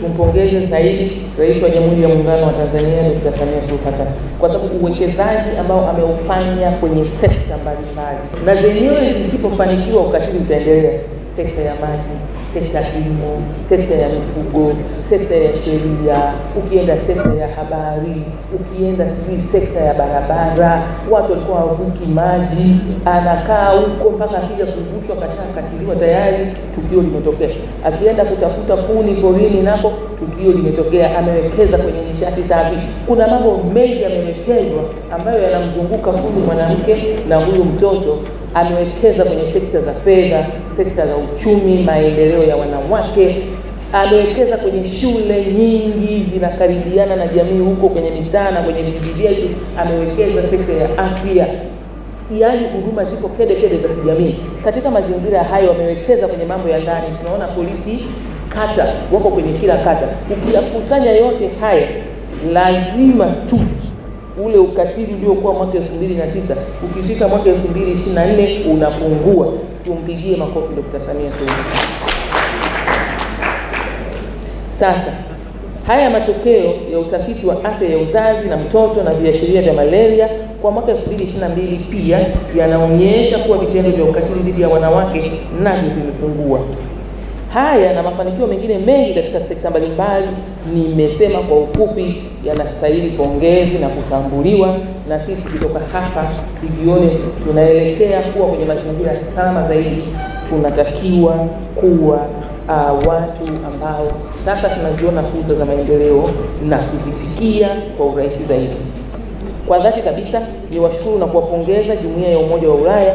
tumpongeze zaidi Rais wa Jamhuri ya Muungano wa Tanzania Dkt. Samia Suluhu Hassan kwa sababu uwekezaji ambao ameufanya kwenye sekta mbalimbali, na zenyewe zisipofanikiwa ukatili utaendelea sekta ya maji, sekta ya kilimo, sekta ya mifugo, sekta ya sheria, ukienda sekta ya habari, ukienda sijui sekta ya barabara, watu walikuwa wavuki maji, anakaa huko mpaka akija kuvushwa, kashakatiliwa tayari, tukio limetokea. Akienda kutafuta kuni porini, nako tukio limetokea, amewekeza kwenye nishati safi. Kuna mambo mengi yamewekezwa ambayo yanamzunguka huyu mwanamke na huyu mtoto, amewekeza kwenye sekta za fedha sekta za uchumi, maendeleo ya wanawake. Amewekeza kwenye shule nyingi zinakaribiana na jamii huko kwenye mitaa na kwenye vijiji vyetu. Amewekeza sekta ya afya, yaani huduma ziko kede kede za kijamii. Katika mazingira hayo, wamewekeza kwenye mambo ya ndani. Tunaona polisi kata wako kwenye kila kata. Ukiyakusanya yote haya, lazima tu ule ukatili uliokuwa mwaka elfu mbili na tisa ukifika mwaka elfu mbili ishirini na nne unapungua. Tumpigie makofi Dr. Samia Suluhu. Sasa haya matokeo ya utafiti wa afya ya uzazi na mtoto na viashiria vya malaria kwa mwaka 2022 pia yanaonyesha kuwa vitendo vya ukatili dhidi ya wanawake navyo vimepungua. Haya na mafanikio mengine mengi katika sekta mbalimbali, nimesema kwa ufupi, yanastahili pongezi na kutambuliwa, na sisi kutoka hapa tujione tunaelekea kuwa kwenye mazingira salama zaidi. Tunatakiwa kuwa uh, watu ambao sasa tunaziona fursa za maendeleo na kuzifikia kwa urahisi zaidi. Kwa dhati kabisa, niwashukuru na kuwapongeza Jumuiya ya Umoja wa Ulaya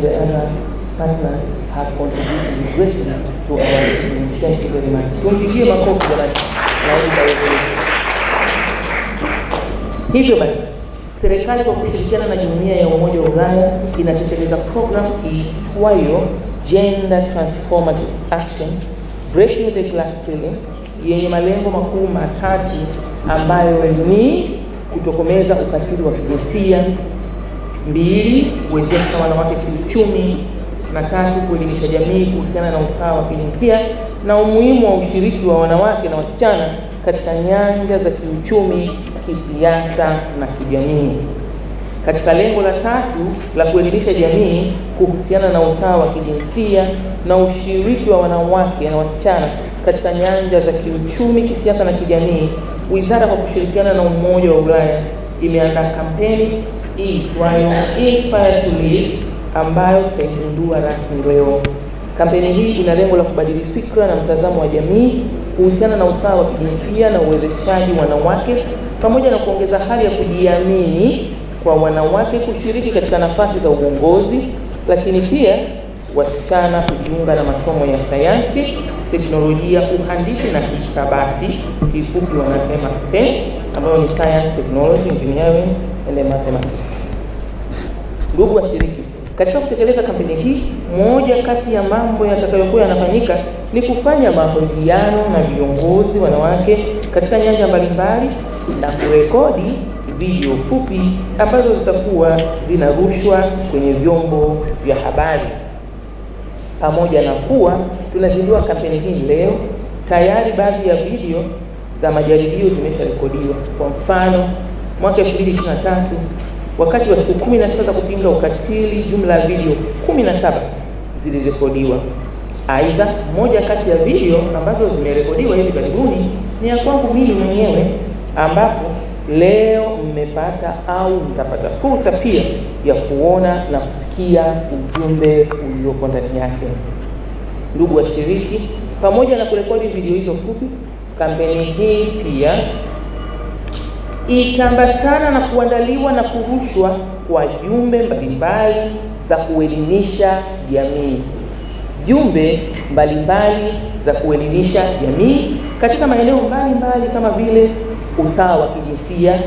the wherever partners have contributed greatly to our mission. Thank you very much. Tumpigie makofi bwana naomba wewe. Hivyo basi serikali kwa kushirikiana na jumuiya ya Umoja wa Ulaya inatekeleza programu iitwayo Gender Transformative Action Breaking the Glass Ceiling yenye malengo makuu matatu ambayo ni kutokomeza ukatili wa kijinsia mbili, kuwezesha wanawake kiuchumi, na tatu, kuelimisha jamii kuhusiana na usawa wa kijinsia na umuhimu wa ushiriki wa wanawake na wasichana katika nyanja za kiuchumi, kisiasa na kijamii. Katika lengo la tatu la kuelimisha jamii kuhusiana na usawa wa kijinsia na ushiriki wa wanawake na wasichana katika nyanja za kiuchumi, kisiasa na kijamii, wizara kwa kushirikiana na Umoja wa Ulaya imeandaa kampeni Inspire to Lead ambayo tutaizindua rasmi leo. Kampeni hii ina lengo la kubadili fikra na mtazamo wa jamii kuhusiana na usawa wa kijinsia na uwezeshaji wanawake pamoja na kuongeza hali ya kujiamini kwa wanawake kushiriki katika nafasi za uongozi, lakini pia wasichana kujiunga na masomo ya sayansi, teknolojia, uhandisi na hisabati kifupi wanasema STEM, eh? ambayo ni science, technology, engineering and mathematics. Ndugu washiriki, katika kutekeleza kampeni hii, moja kati ya mambo yatakayokuwa yanafanyika ni kufanya mahojiano na viongozi wanawake katika nyanja mbalimbali na kurekodi video fupi ambazo zitakuwa zinarushwa kwenye vyombo vya habari. Pamoja na kuwa tunazindua kampeni hii leo, tayari baadhi ya video za majaribio zimesharekodiwa. Kwa mfano, mwaka 2023 wakati wa siku 16 za kupinga ukatili, jumla ya video 17 zilirekodiwa. Aidha, moja kati ya video ambazo zimerekodiwa hivi karibuni ni ya kwangu mimi mwenyewe, ambapo leo mmepata au mtapata fursa pia ya kuona na kusikia ujumbe ulioko ndani yake. Ndugu washiriki, pamoja na kurekodi video hizo fupi Kampeni hii pia itaambatana na kuandaliwa na kurushwa kwa jumbe mbalimbali za kuelimisha jamii, jumbe mbalimbali za kuelimisha jamii katika maeneo mbalimbali kama vile usawa wa kijinsia,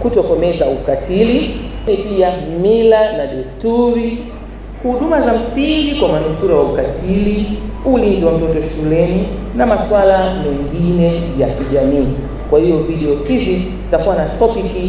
kutokomeza ukatili, pia mila na desturi huduma za msingi kwa manusura wa ukatili, ulinzi wa mtoto shuleni na masuala mengine ya kijamii. Kwa hiyo video hizi zitakuwa na topiki